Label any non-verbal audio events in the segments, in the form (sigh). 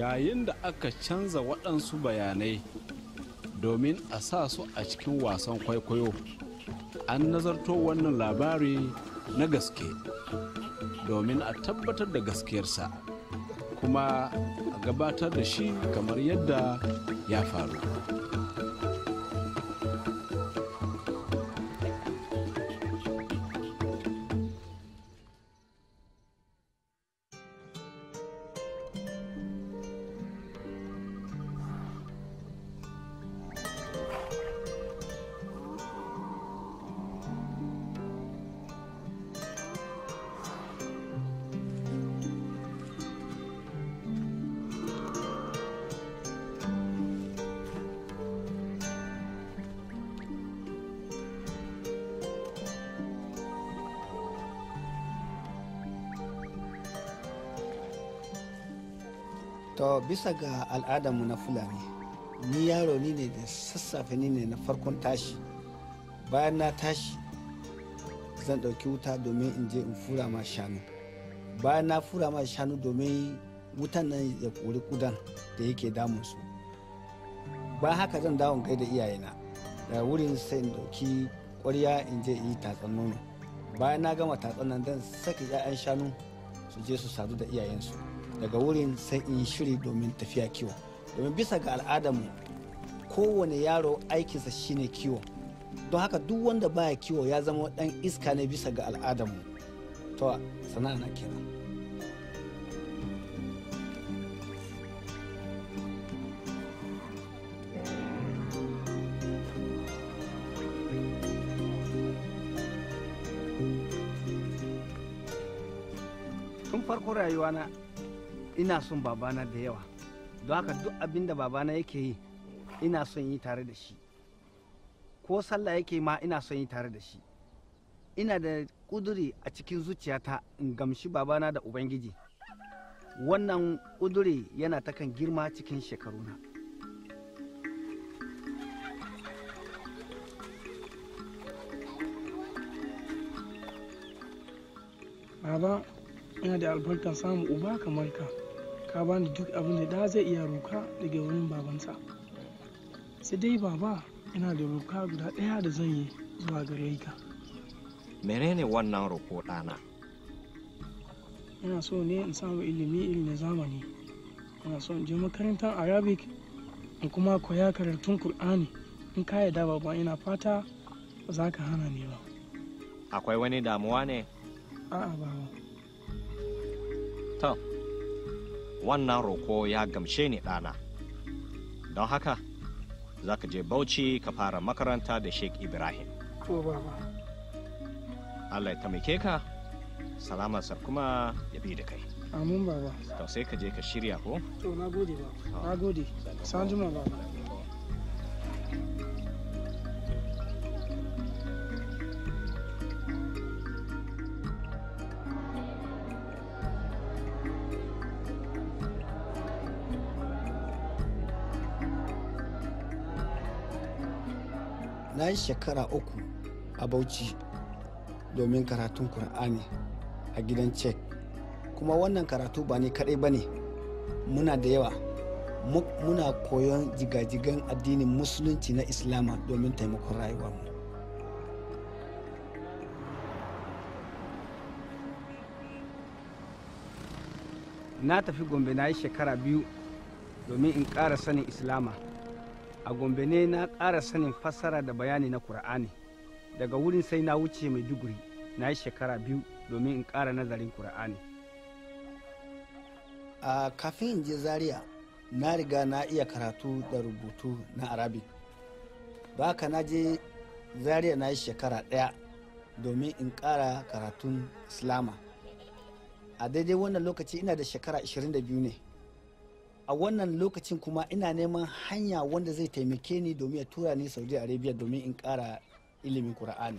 yayin da aka canza waɗansu bayanai domin a sa su a cikin wasan kwaikwayo an nazarto wannan labari na gaske domin a tabbatar da gaskiyarsa kuma a gabatar da shi kamar yadda ya faru. to bisa ga al'adarmu na fulani ni yaro ni ne da sassafe ni ne na farkon tashi bayan na tashi zan ɗauki wuta domin in je in fura ma shanu bayan na fura ma shanu domin wutan nan ya kori kudan da yake damun su ba haka zan dawo da iyayena da wurin sai in ɗauki ƙwarya in je yi tatsan nono bayan na gama tatsan nan zan saka 'ya'yan shanu su je su sadu da iyayensu daga wurin sai in shiri domin tafiya kiwo domin bisa ga al'adarmu kowane yaro aikinsa shine kiwo don haka duk wanda baya kiwo ya zama dan iska ne bisa ga al'adarmu to sana'a na kenan tun farko na. ina son babana da yawa don haka duk abin da babana yake yi ina son yi tare da shi ko sallah yake ma ina son yi tare da shi ina da kuduri a cikin zuciyata in gamshi babana da ubangiji wannan kuduri yana ta kan girma cikin shekaruna baba ina da albarkar samun uba kamar ka ka bani duk abin da ɗa zai iya roka daga wurin babansa sai dai baba yana da roka guda ɗaya da zan yi zuwa gare ka menene wannan roko ɗana ina so ne in samu ilimi irin na zamani ina so in je makarantar arabic in kuma koya karatun kur'ani in ka yarda baba ina fata ba za ka hana ni ba akwai wani damuwa ne a'a baba Tom. wannan roko ya gamshe ni ɗana don haka za ka je bauchi ka fara makaranta da sheik ibrahim allah ya taimake ka salamarsa kuma ya bi da kai amin baba to sai ka je ka shirya ko to na gode ba na gode sanjuma baba na yi shekara uku a bauchi domin karatun kur'ani a gidan cek kuma wannan karatu ba ni kaɗai ba ne muna da yawa muna koyon jigajigan addinin musulunci na islama domin taimakon rayuwa mu na tafi gombe na yi shekara biyu domin in kara sanin islama a gombe ne na ƙara sanin fassara da bayani na kur'ani daga wurin sai na wuce mai duguri na yi shekara biyu domin in ƙara nazarin kur'ani a kafin in je zaria na riga na iya karatu da rubutu na arabic ba ka na je zaria na yi shekara ɗaya domin in ƙara karatun islama a daidai wannan lokaci ina da shekara 22 ne a wannan lokacin kuma ina neman hanya wanda zai taimake ni domin ya tura ni saudi arabia domin in kara ilimin kur'ani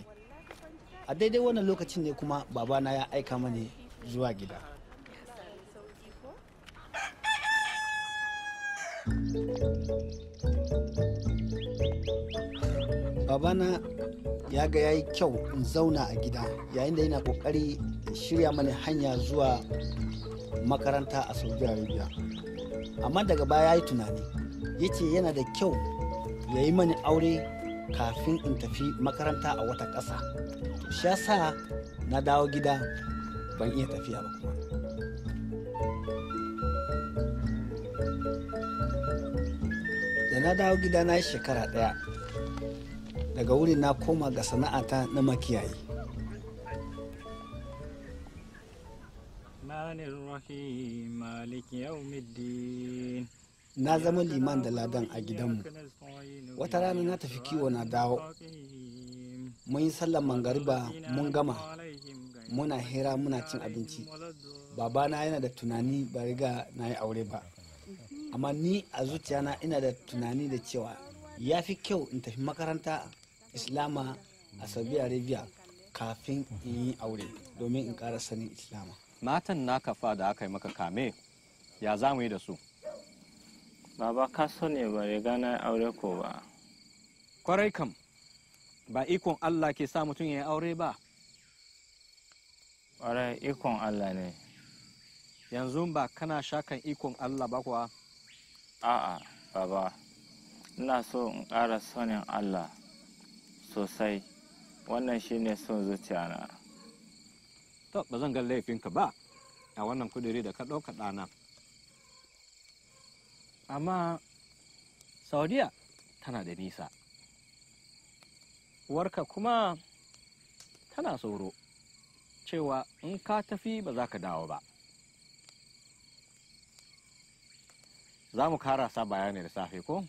a daidai wannan lokacin ne kuma babana ya aika mani zuwa gida babana ya ga yi kyau in zauna a gida yayin da yana kokari shirya mani hanya zuwa makaranta a saudi arabia amma daga baya ya yi tunani ya ce yana da kyau ya yi mani aure kafin in tafi makaranta a wata ƙasa shi ya sa na dawo gida ban iya tafiya ba kuma da na dawo gida na yi shekara ɗaya daga wuri na koma ga sana'ata na makiyayi الرحيم مالك يوم الدين na zama liman da ladan a gidanmu wata rana na tafi kiwo na dawo mun yi sallar mangariba mun gama muna hira muna cin abinci babana yana da tunani ba riga na yi aure ba amma ni a zuciyana ina da tunani da cewa ya fi kyau in tafi makaranta islama a saudi arabia kafin in yi aure domin in kara sanin islama matan naka fa da aka yi maka kame ya za mu yi da su Baba ka so ne ba riga na aure ko ba. Kwarai kam, ba ikon Allah ke sa mutum ya aure ba. Kwarai ikon Allah ne. Yanzu ba kana shakan ikon Allah ba kuwa? A'a, baba, ina so in ƙara sonin Allah sosai, wannan shi ne son zuciyana. To, ba zan ga laifinka ba a wannan kudirin da ka ɗauka ɗana. amma saudiya tana da nisa warka kuma tana tsoro cewa in ka tafi ba za ka dawo ba za mu karasa bayani da safe ko?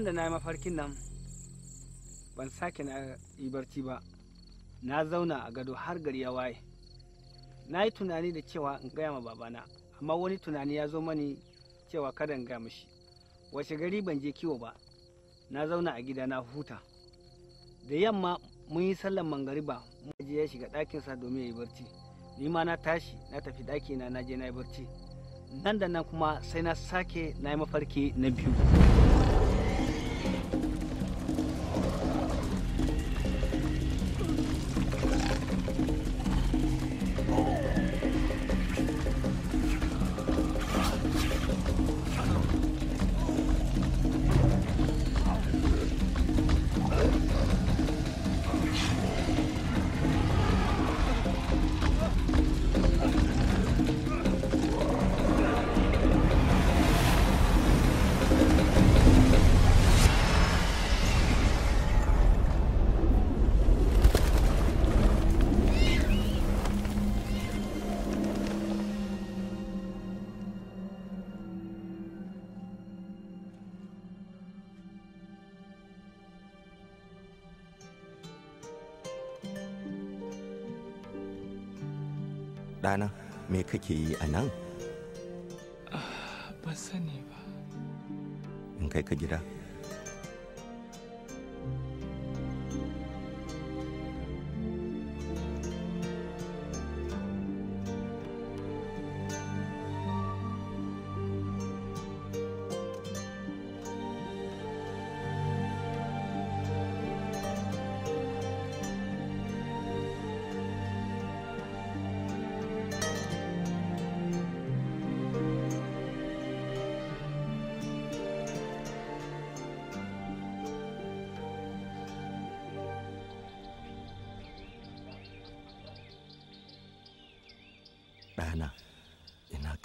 bayan da na yi mafarkin nan ban sake na yi barci ba na zauna a gado har gari ya waye na yi tunani da cewa in gaya ma babana amma wani tunani ya zo mani cewa kada in gaya mishi wace gari ban je kiwo ba na zauna a gida na huta da yamma mun yi sallan mangariba mun je ya shiga ɗakinsa domin ya yi barci ni ma na tashi na tafi ɗakina na je na yi barci nan da nan kuma sai na sake na yi mafarki na biyu ɗana me kake yi a nan? Ah, ba sani ba. In kai ka gida? na ina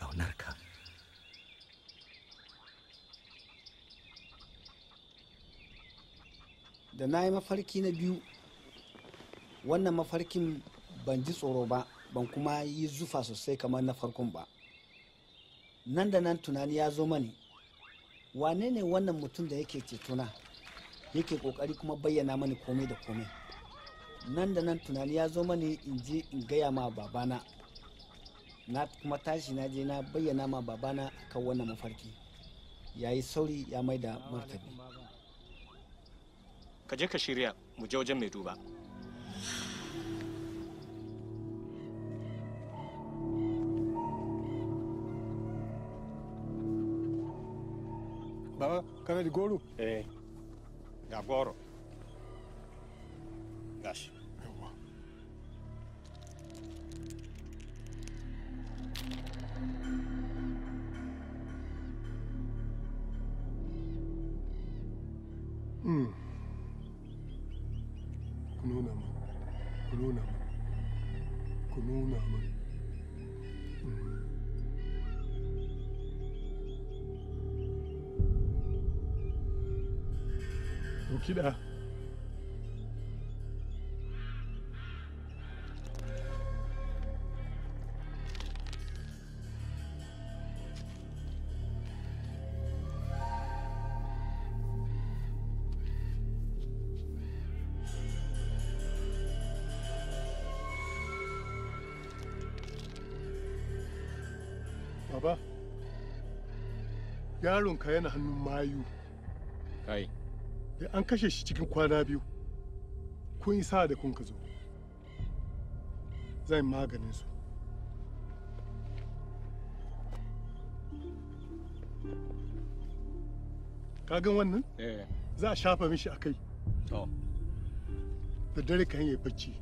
da na yi mafarki na biyu wannan mafarkin ban ji tsoro ba ban kuma yi zufa sosai kamar na farkon ba nan da nan tunani ya zo mani wane ne wannan mutum da yake cetona yake kokari kuma bayyana mani komai da komai nan da nan tunani ya zo mani in je in gaya ma babana na kuma tashi na je na bayyana ma babana kan wannan mafarki ya yi sauri ya mai da martani ka je ka shirya mu je wajen mai duba baba kana da goro eh ga goro gashi きだ yaron ka yana hannun mayu an kashe shi cikin kwana biyu kun yi sa'a da kun ka zo zan maganin su kagan wannan eh. za a shafa mishi a kai da dare kan yi bacci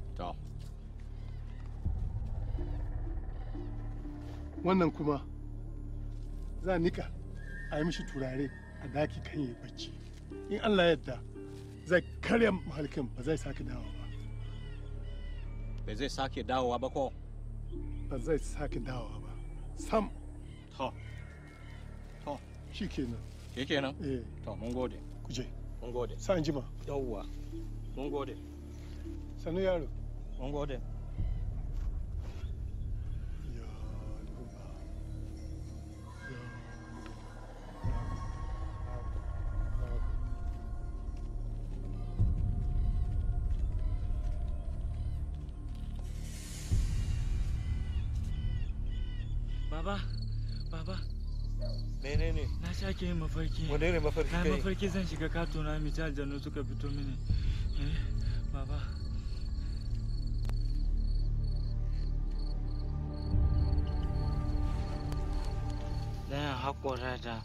wannan kuma za a nika a yi mishi turare a daki kan yi bacci in allah yadda zai karya mahalkin ba zai sake dawo ba ba zai sake dawowa ba ko ba zai sake dawowa ba sam to to shi kenan shi kenan eh to mun gode kuje mun gode sanjima. an jima yawwa mun gode sanu yaro mun gode nake yin mafarki wanda irin mafarki kai mafarki zan shiga kato na mita aljanu suka fito mini eh, baba ɗayan haƙora da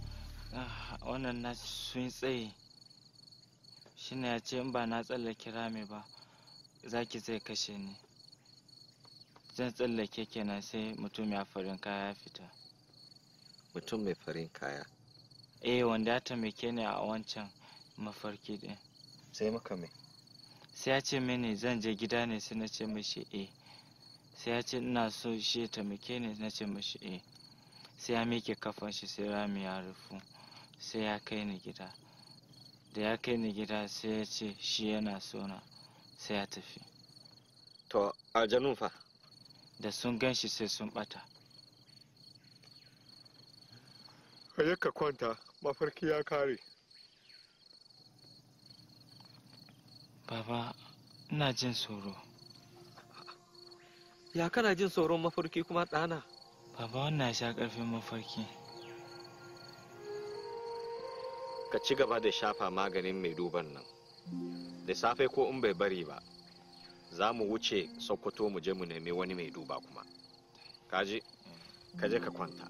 ah, wannan na sun tsaye shine ya ce in ba na tsallake rami ba zaki zai kashe ni zan tsallake kenan sai mutum ya farin kaya ya fita mutum mai farin kaya eh wanda ya taimake ni a wancan mafarki din sai maka me sai ya ce mini zan je gida ne sai na ce mishi eh sai ya ce ina so shi ya taimake ni na ce mishi eh sai ya miƙe kafan shi sai rami ya rufu sai ya kai ni gida da ya kai ni gida sai ya ce shi yana sona sai ya tafi to aljanun fa da sun gan shi sai sun bata ka je ka kwanta mafarki ya kare baba ina jin tsoro ya kana jin tsoron mafarki kuma ɗana baba wannan sha ƙarfin mafarki ka ci gaba da shafa maganin mai duban nan da safe ko in bai bari ba za mu wuce sokoto mu je mu nemi wani mai duba kuma kaji ka je ka kwanta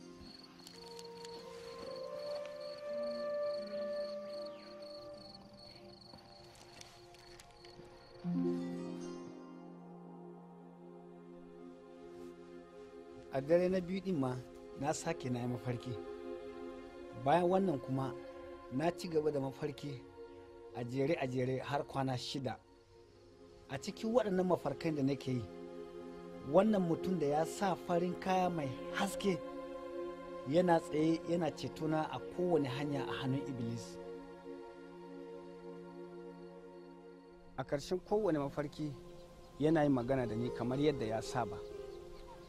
a dare na biyu din ma na sake na yi mafarki bayan wannan kuma na ci gaba da mafarki a jere a jere har kwana shida a cikin waɗannan mafarkai da nake yi wannan mutum da ya sa farin kaya mai haske yana tsaye yana cetona a kowane hanya a hannun iblis a ƙarshen kowane mafarki yana yi magana da ni kamar yadda ya saba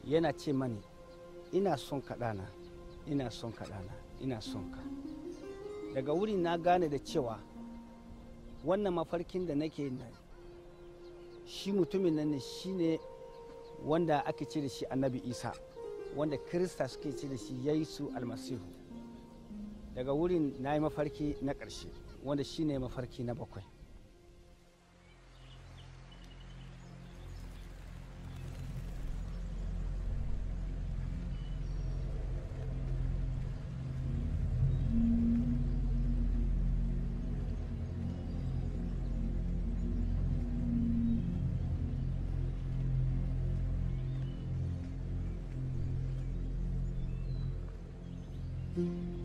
yana ce mani ina son ka ɗana ina son ka ɗana ina son ka daga wuri na gane da cewa wannan mafarkin da nake nan shi mutumin nan ne shi ne wanda ake ce da shi annabi isa wanda kirista suke ce da shi su almasihu daga wurin na yi mafarki na ƙarshe wanda shi ne mafarki na bakwai Thank you.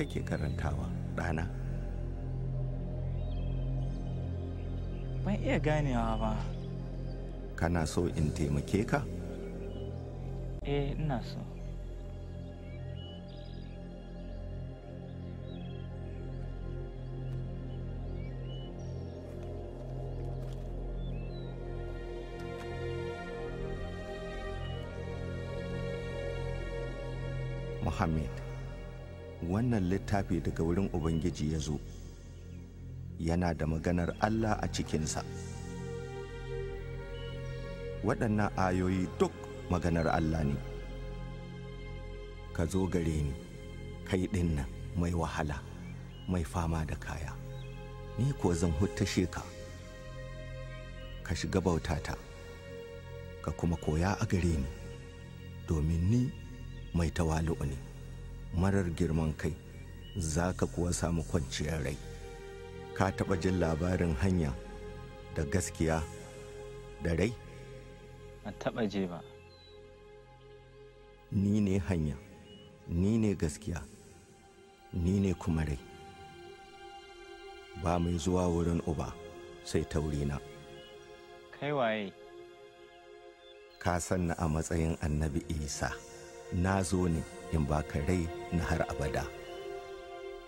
kake karantawa ɗana ban iya ganewa ba kana so in taimake ka eh ina so Muhammad wannan littafi daga wurin ubangiji ya zo yana da maganar allah a cikinsa waɗannan ayoyi duk maganar allah ne ka zo gare ni kai yi mai wahala mai fama da kaya ni ko zan huttashe ka ka shiga bautata ka kuma koya a gare ni domin ni mai tawali'u ne marar girman kai za ka kuwa samu kwanciyar rai ka taɓa jin labarin hanya da gaskiya da rai? a taɓa je ba ni ne hanya ni ne gaskiya ni ne kuma rai ba mai zuwa wurin uba sai taurina kai waye ka sanna a matsayin annabi isa na zo ne in ka rai na har abada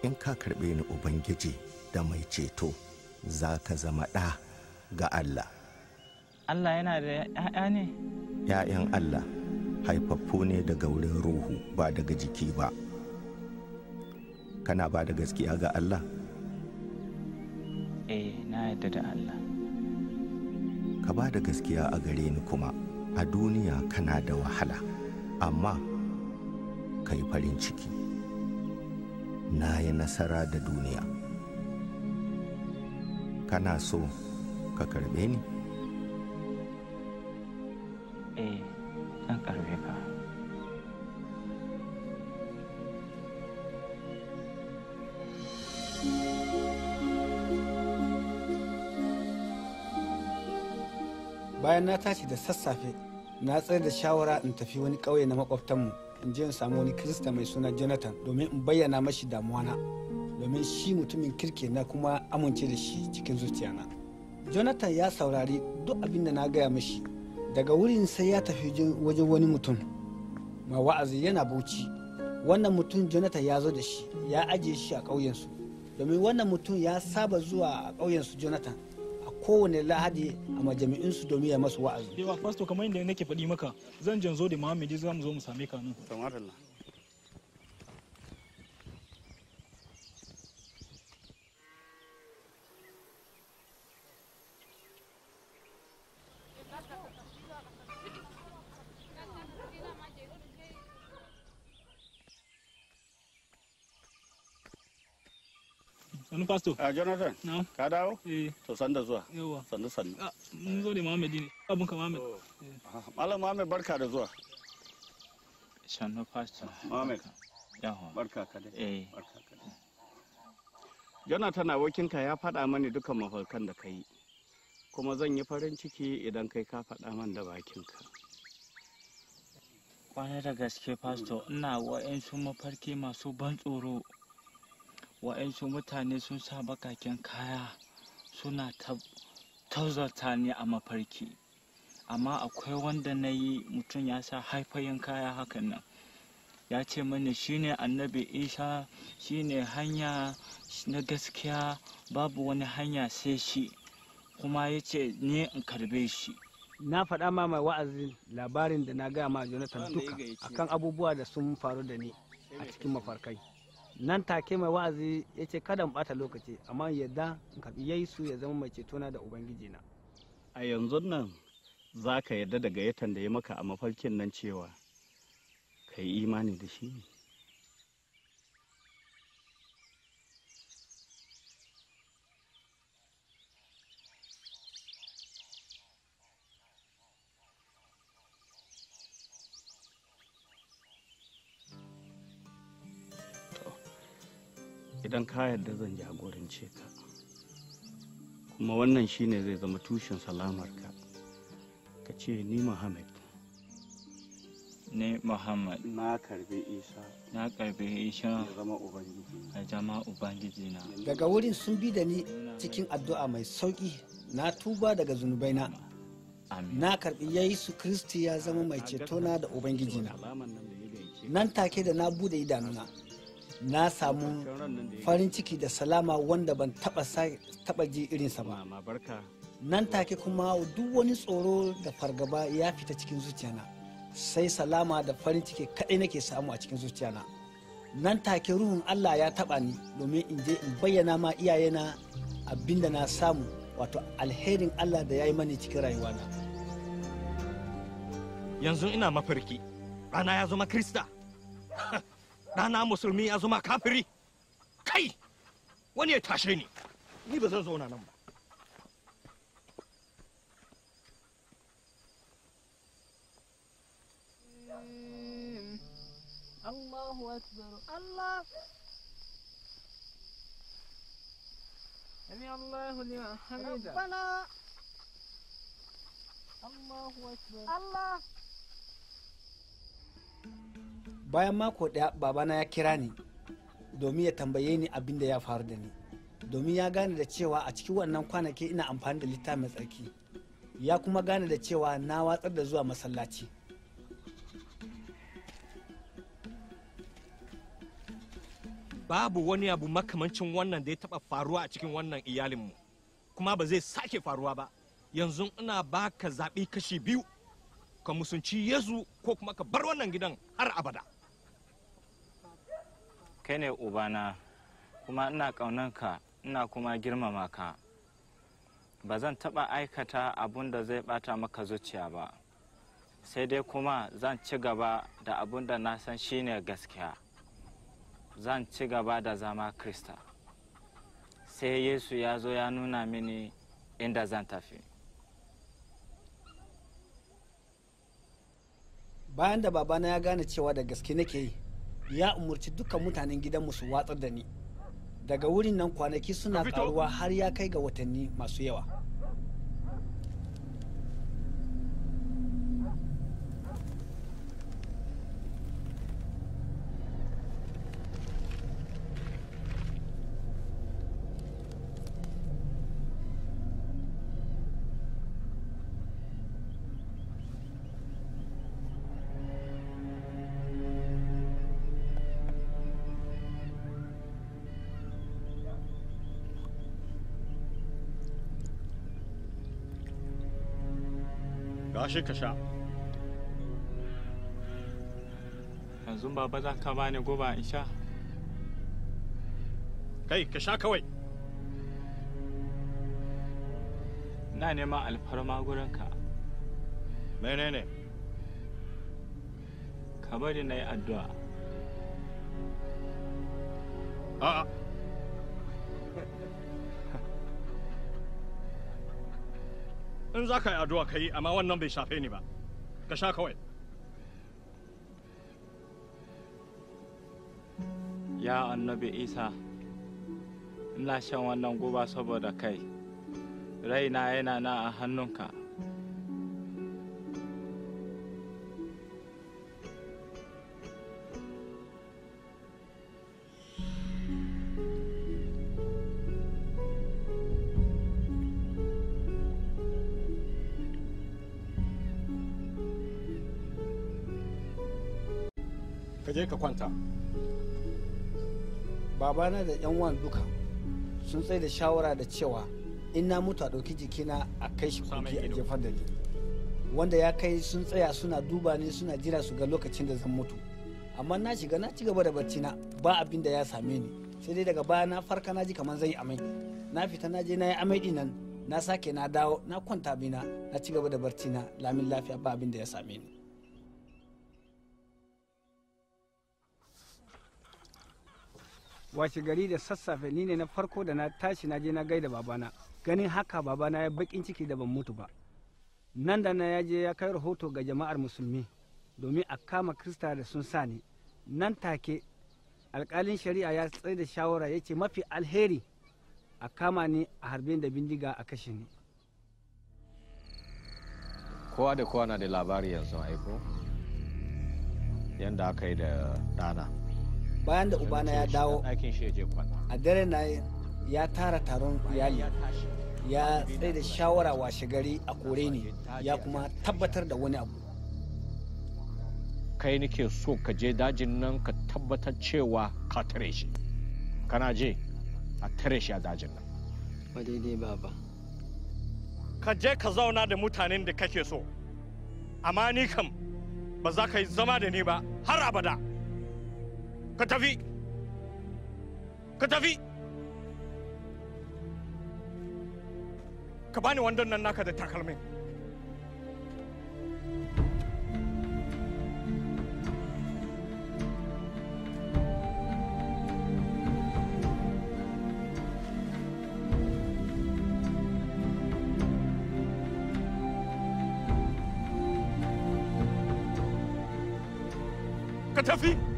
in ka karɓe ni ubangiji da mai ceto za ka zama ɗa ga Allah Allah yana da ‘ya'ya ne? ‘ya'yan Allah haifaffu ne daga wurin ruhu ba daga jiki ba kana ba da gaskiya ga Allah? eh na yadda da Allah ka ba da gaskiya a gare ni kuma a duniya kana da wahala amma ka yi farin ciki na yi nasara da duniya kana so ka karbe ni eh zan karbe ka bayan na tashi da sassafe na tsayar da shawara in tafi wani ƙauye na makwabtanmu in je in samu wani kirista mai suna jonathan domin in bayyana mashi damuwa na domin shi mutumin kirke na kuma amince da shi cikin zuciya na. jonathan ya saurari duk abin da na gaya mashi daga wurin sai ya tafi wajen wani mutum ma wa'azi yana bauchi wannan mutum jonathan ya zo da shi ya ajiye shi a ƙauyensu domin wannan mutum ya saba zuwa a ƙauyensu jonathan kowane lahadi a majami'insu domin ya masu wa'azi. Yawa fasto kamar yadda nake faɗi maka zan janzo da Muhammadu za mu zo mu same ka nan. Wani pastor? A ah, Jonathan. Na. Ka dawo? Eh. To sanda zuwa. Yawa. Sanda sanda. Ah, mun zo ne Muhammad ne. Abun ka Muhammad. Oh. Malam Muhammad barka da zuwa. Sannu pastor. Ah, Muhammad. Yawa. Barka ka da Eh. Barka ka da Jonathan abokin ka ya faɗa mani dukan mafarkan da kai Kuma zan yi farin ciki idan kai ka faɗa man da bakin ka Kwanar da gaske pastor ina su mafarki masu ban tsoro. wa'yansu mutane sun sa bakakin kaya suna tauzata ne a mafarki amma akwai wanda na yi mutum ya sa haifayen kaya hakan nan ya ce mani shine annabi isha shine hanya na gaskiya babu wani hanya sai shi kuma ya ce ni in karbe shi na faɗa ma mai wa'azi labarin da na gaya ma jonathan duka akan abubuwa da sun faru da ni a cikin mafarkai nan take mai wa'azi ya ce kada mu bata lokaci amma yadda in karɓi su ya zama mai cetona da ubangiji na a yanzu nan za ka yadda da gayyatan da ya maka a mafarkin nan cewa ka yi imani da shi ne idan ka yarda zan jagorance ka kuma wannan shine zai zama tushen salamarka ka ce ni muhammad ne muhammad na karbe isa na karbe isa ya zama ubangiji ya zama ubangiji na daga wurin sun bi da ni cikin addu'a mai sauki na tuba daga zunubaina na karbi yesu kristi ya zama mai cetona da ubangiji na nan take da na bude idanuna na samu farin ciki da salama wanda ban taba ji irinsa ba nan take kuma duk wani tsoro da fargaba ya fita cikin zuciyana sai salama da farin ciki kaɗai nake samu a cikin zuciyana nan take ruhun allah ya taba ni domin in je in bayyana ma iyayena abin da na samu wato alherin allah da ya yi mani cikin rayuwana yanzu ina mafarki rana ya zama krista (laughs) ɗana musulmi ya zama kafiri kai wani ya tashe ni ni ba zan zauna nan ba الله أكبر الله سمع الله لمن حمده ربنا الله أكبر الله bayan mako daya babana ya kira ni domin ya tambaye ni abin da ya faru da ni domin ya gane da cewa a cikin wannan kwanaki ina amfani da littafi mai tsarki ya kuma gane da cewa na watsar da zuwa masallaci babu wani abu makamancin wannan da ya taba faruwa a cikin wannan iyalinmu kuma ba zai sake faruwa ba yanzu ina baka zaɓi kashi biyu ka musunci yesu ko kuma ka bar wannan gidan har abada kai ne ubana kuma ina kaunanka ina kuma girmama ka ba zan taɓa aikata abun da zai ɓata maka zuciya ba sai dai kuma zan ci gaba da abun da na san shine gaskiya zan ci gaba da zama krista sai yesu ya zo ya nuna mini inda zan tafi bayan da babana ya gane cewa da gaske nake yi ya umarci dukkan mutanen gidanmu su watsar da ni daga wurin nan kwanaki suna karuwa har ya kai ga watanni masu yawa shi ka sha yanzu baba za ka bani guba in sha kai ka sha kawai na neman alfarma gurinka menene ka bari na yi addu'a a'a in za ka yi addu'a ka yi amma wannan bai shafe ni ba ka sha kawai ya annabi isa ina shan wannan guba saboda kai raina yana na a hannunka ka kwanta babana da yan wan duka sun tsaye da shawara da cewa in na mutu a ɗauki jikina a kai shi kogi a jefar da ni wanda ya kai sun tsaya suna duba ni suna jira su ga lokacin da zan mutu amma na shiga na ci gaba da barci na ba abin da ya same ni sai dai daga baya na farka na ji kamar zan yi amai na fita na je na yi amai dinan na sake na dawo na kwanta bina na ci gaba da barci na lamin lafiya ba abin da ya same ni washe gari da sassafe ni ne na farko da na tashi na je na gaida babana ganin haka babana ya bakin ciki da ban mutu ba nan da na ya je ya kai rahoto ga jama'ar musulmi domin a kama krista da sun sa ni nan take alkalin shari'a ya tsaye da shawara ya ce mafi alheri a kama ni a harbin da bindiga a kashe ni kowa da kowa na da labari yanzu aiko yadda aka yi da dana. bayan da ubana ya dawo a dare na ya tara taron iyali ya tsaye da shawara washe gari a kore ne ya kuma tabbatar da wani abu kai nake so ka je dajin nan ka tabbatar cewa ka tare shi kana je a tare shi a dajin nan ba daidai baba ka je ka zauna da mutanen da kake so amma ni kam ba za ka yi zama da ni ba har abada Ka tafi! Ka tafi! Ka bani wandon nan naka da takalmin. Ka tafi!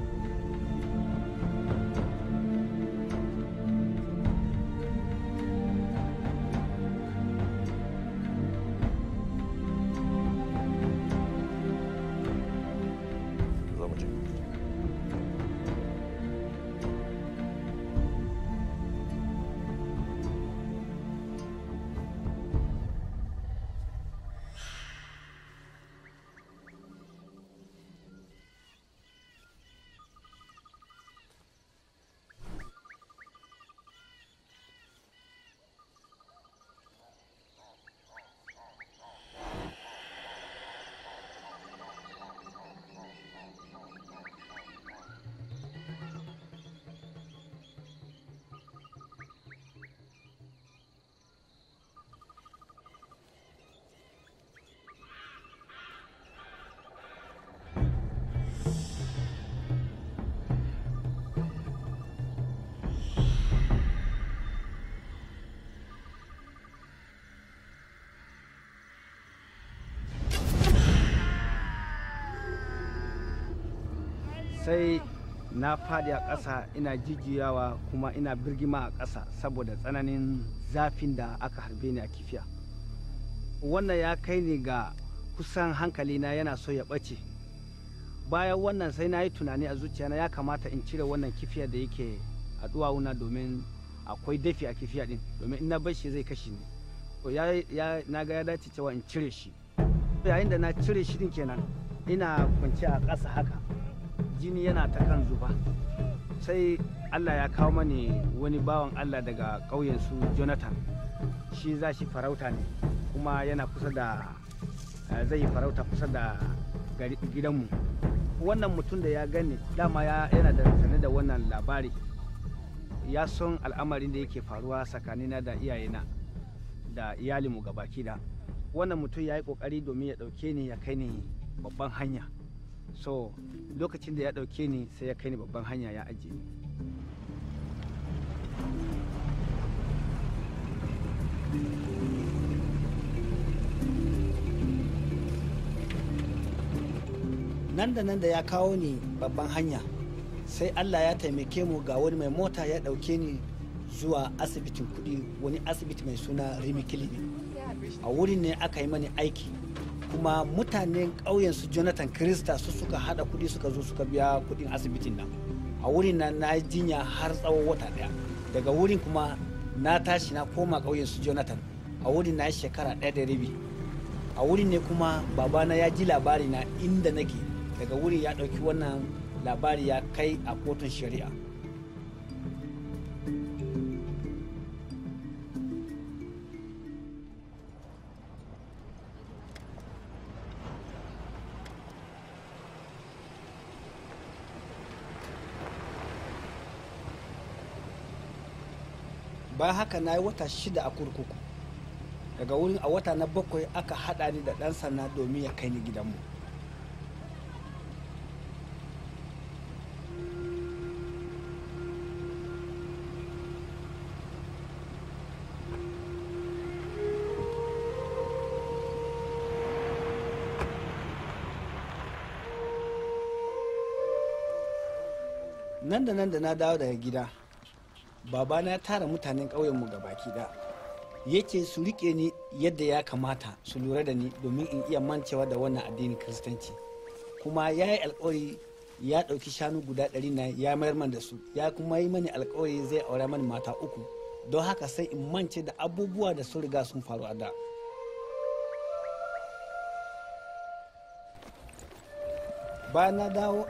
sai na fadi a ƙasa ina jijiyawa kuma ina birgima a ƙasa saboda tsananin zafin da aka harbe ni a kifiya wannan ya kai ni ga kusan hankali na yana so ya ɓace bayan wannan sai na yi tunani a zuciya zuciyana ya kamata in cire wannan kifiya da yake a duwawuna domin akwai dafi a kifiya din domin in na bar shi zai kashe ni to ya na ga ya dace cewa in cire shi yayin da na cire shi din kenan ina kwance a ƙasa haka jini yana ta kan zuba sai allah ya kawo mani wani bawan allah daga ƙauyen su jonathan shi za shi farauta ne kuma yana kusa da eh, zai yi farauta kusa da gidanmu wannan mutum da ya gani dama yana da sane da wannan labari ya son al'amarin da yake faruwa tsakanina da iyayena da iyalinmu gabaki da wannan mutum ya yi kokari domin ya ɗauke ni ya kai ni babban hanya so lokacin da ya ɗauke ni sai ya kai ni babban hanya ya ajiye ni nan da nan da ya kawo ni babban hanya sai allah ya taimake mu ga wani mai mota ya ɗauke ni zuwa asibitin kudi wani asibiti mai suna rimi a wurin ne aka yi mani aiki kuma mutanen ƙauyen su jonathan krista su suka hada kuɗi suka zo suka biya kuɗin asibitin nan a wurin nan na jinya har tsawon wata ɗaya daga wurin kuma na tashi na koma ƙauyen su jonathan a wurin na shekara ɗaya da rabi a wurin ne kuma babana ya ji labari na inda nake daga wurin ya ɗauki wannan labari ya kai a kotun shari'a haka na yi wata shida a kurkuku daga wurin a wata na bakwai aka haɗa ni da ɗan sana domin ya kai ni gidanmu nan da nan da na dawo daga gida babana ya tara mutanen ƙauyenmu ga baki da yake su rike ni yadda ya kamata su lura da ni domin in iya mancewa da wannan addinin kiristanci kuma ya yi alkawari ya ɗauki shanu guda ɗari na ya mayar man da su ya kuma yi mani alkawari zai aure mani mata uku don haka sai in mance da abubuwa da sun riga sun faru a da bayan na dawo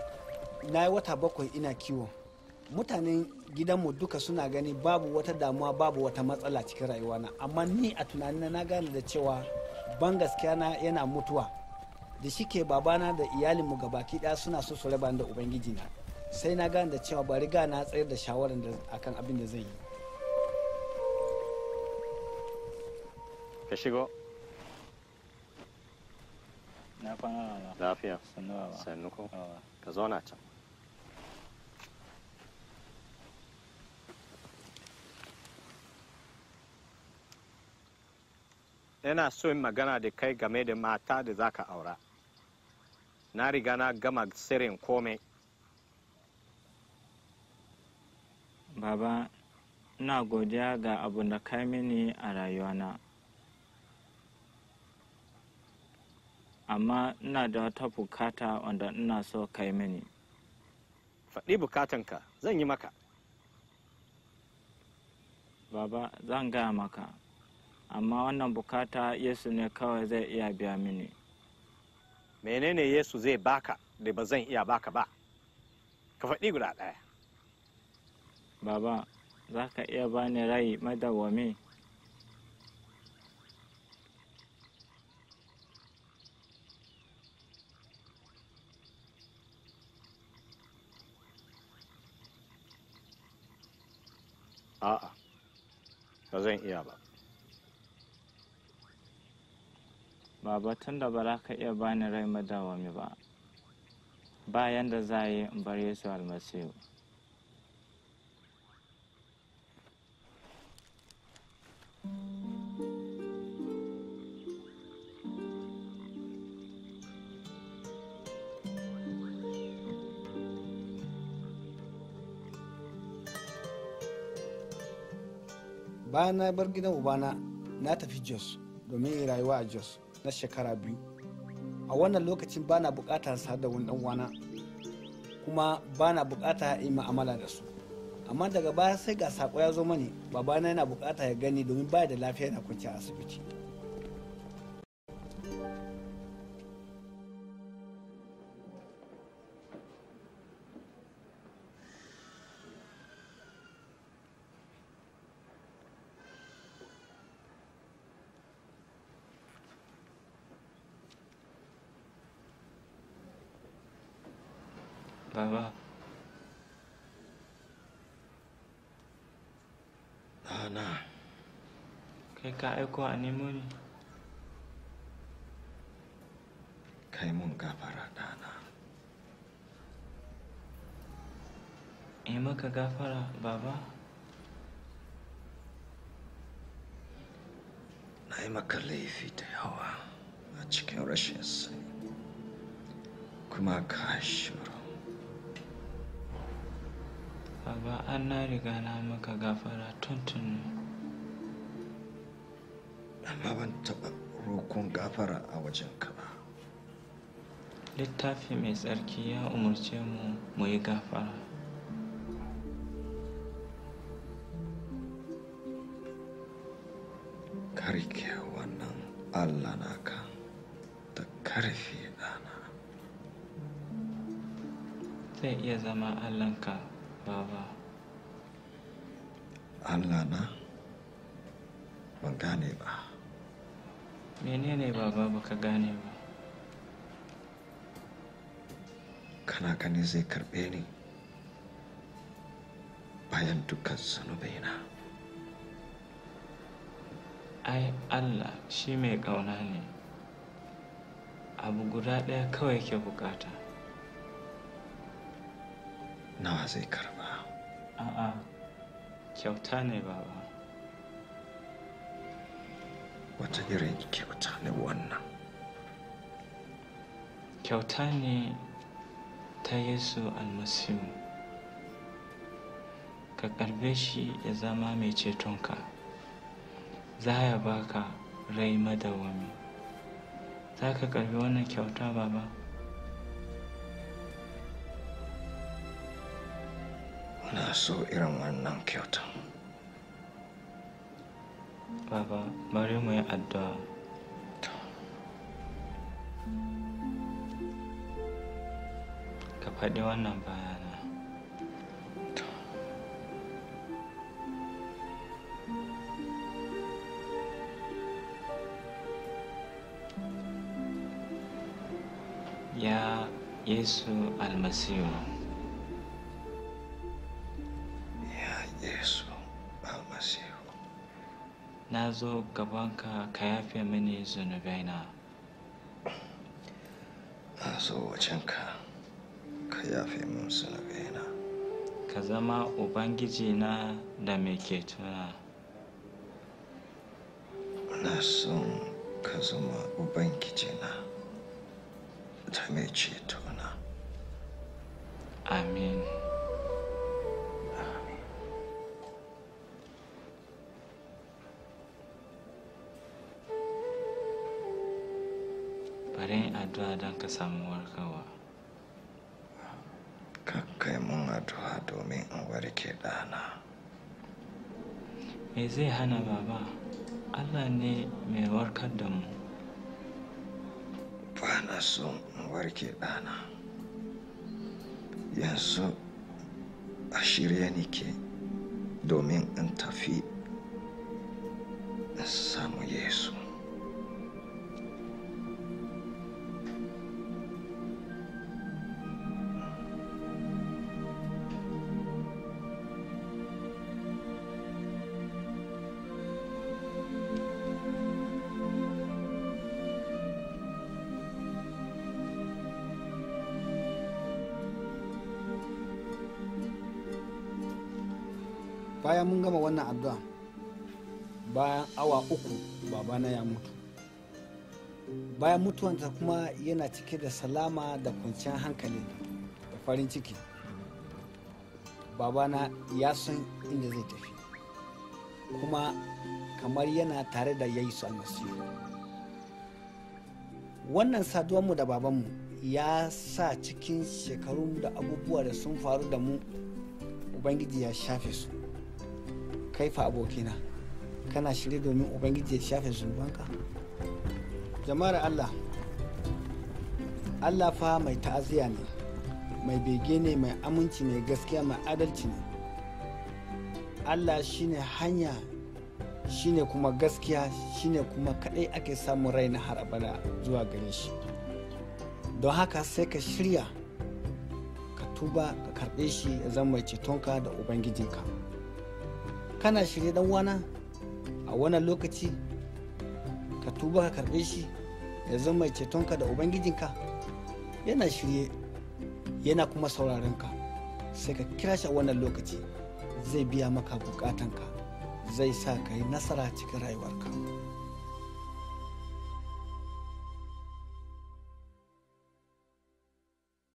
na yi wata bakwai ina kiwo mutanen gidanmu duka suna gani babu wata damuwa babu wata matsala cikin rayuwana amma ni a tunanina na gane da cewa ban gaskiya na yana mutuwa da shike babana da iyalinmu baki daya suna so su raba da ubangiji na sai na gane da cewa ba riga na tsayar da shawarar da akan abin da zai yi ka shigo na lafiya sannu ka zauna can yana so yin magana da kai game da mata da zaka aura na riga na gama sirin komai baba ina godiya ga abun da kai mini a rayuwana amma ina da wata bukata wanda ina so kai mini faɗi bukatanka zan yi maka baba zan gaya maka amma wannan bukata yesu ne kawai zai iya biya mini menene yesu zai baka da ba zan iya baka ba ka faɗi guda ɗaya baba za ka iya bani rai madawwami a'a ba zan iya ba ba batun da ba za ka iya bani rai madawami ba ba yanda za a yi in bar yesu almasihu bayan na bar gidan ubana na tafi jos domin yi rayuwa a jos na shekara biyu a wannan lokacin ba na bukatar sa da wani wana kuma ba na bukata yi ma'amala da su amma daga baya sai ga sako ya zo mani babana yana bukata ya gani domin baya da lafiya na kwanciya asibiti ka aiko a nemo ni kai mun gafara ɗana yi maka gafara baba na yi maka laifi da yawa a cikin rashin sani kuma ka shiru baba an na riga na maka gafara tuntun. amma ban taɓa roƙon gafara a wajenka ba littafi mai tsarki ya umarce mu mu yi gafara karke wannan allah naka da karfe ɗana zai iya zama ka. haka ne zai karɓe ni bayan dukkan zunubaina ai allah shi mai ƙauna ne abu guda ɗaya kawai ke bukata nawa zai karba a'a kyauta ne baba wata irin kyauta ne wannan kyauta ne ta Yesu almasihu ka karbe shi ya zama mai cetonka za ya baka rai madawami za ka karbi wannan kyauta baba na so irin wannan kyauta. baba bari mu yi addu'a faɗi wannan bayana ya yesu almasihu ya yesu almasihu na zo gabanka ka yafe mini zunubaina na zo wajenka ka yafe min ka zama ubangiji na da mai ke tuna na son ka zama ubangiji na da mai ceto tuna amin bari addu'a don ka samu warkarwa ɗana me zai hana baba allah ne mai warkar da mu ba na son warke ɗana yanzu a shirye nike domin in tafi in samu yesu gama wannan addu'a bayan awa uku babana ya mutu bayan mutuwanta kuma yana cike da salama da kwanciyar hankali da farin ciki babana ya san inda zai tafi kuma kamar yana tare da yayi su almasihu wannan saduwanmu da babanmu ya sa cikin shekarun da abubuwa da sun faru da mu ubangiji ya shafe su kai fa abokina kana shirye domin ubangiji ya shafe zunubanka jama'ar allah allah fa mai ta'aziyya ne mai bege ne mai aminci ne gaskiya mai adalci ne allah shine hanya shine kuma gaskiya shine kuma kadai ake samun rai na har abada zuwa gare shi don haka sai ka shirya ka tuba ka karbe shi ya zama mai cetonka da ubangijinka kana shirye dan wana a wannan lokaci ka tuba ka karbe shi ya zama mai cetonka da ubangijinka yana shirye yana kuma ka sai ka kira shi a wannan lokaci zai biya maka bukatanka zai sa ka yi nasara cikin rayuwarka.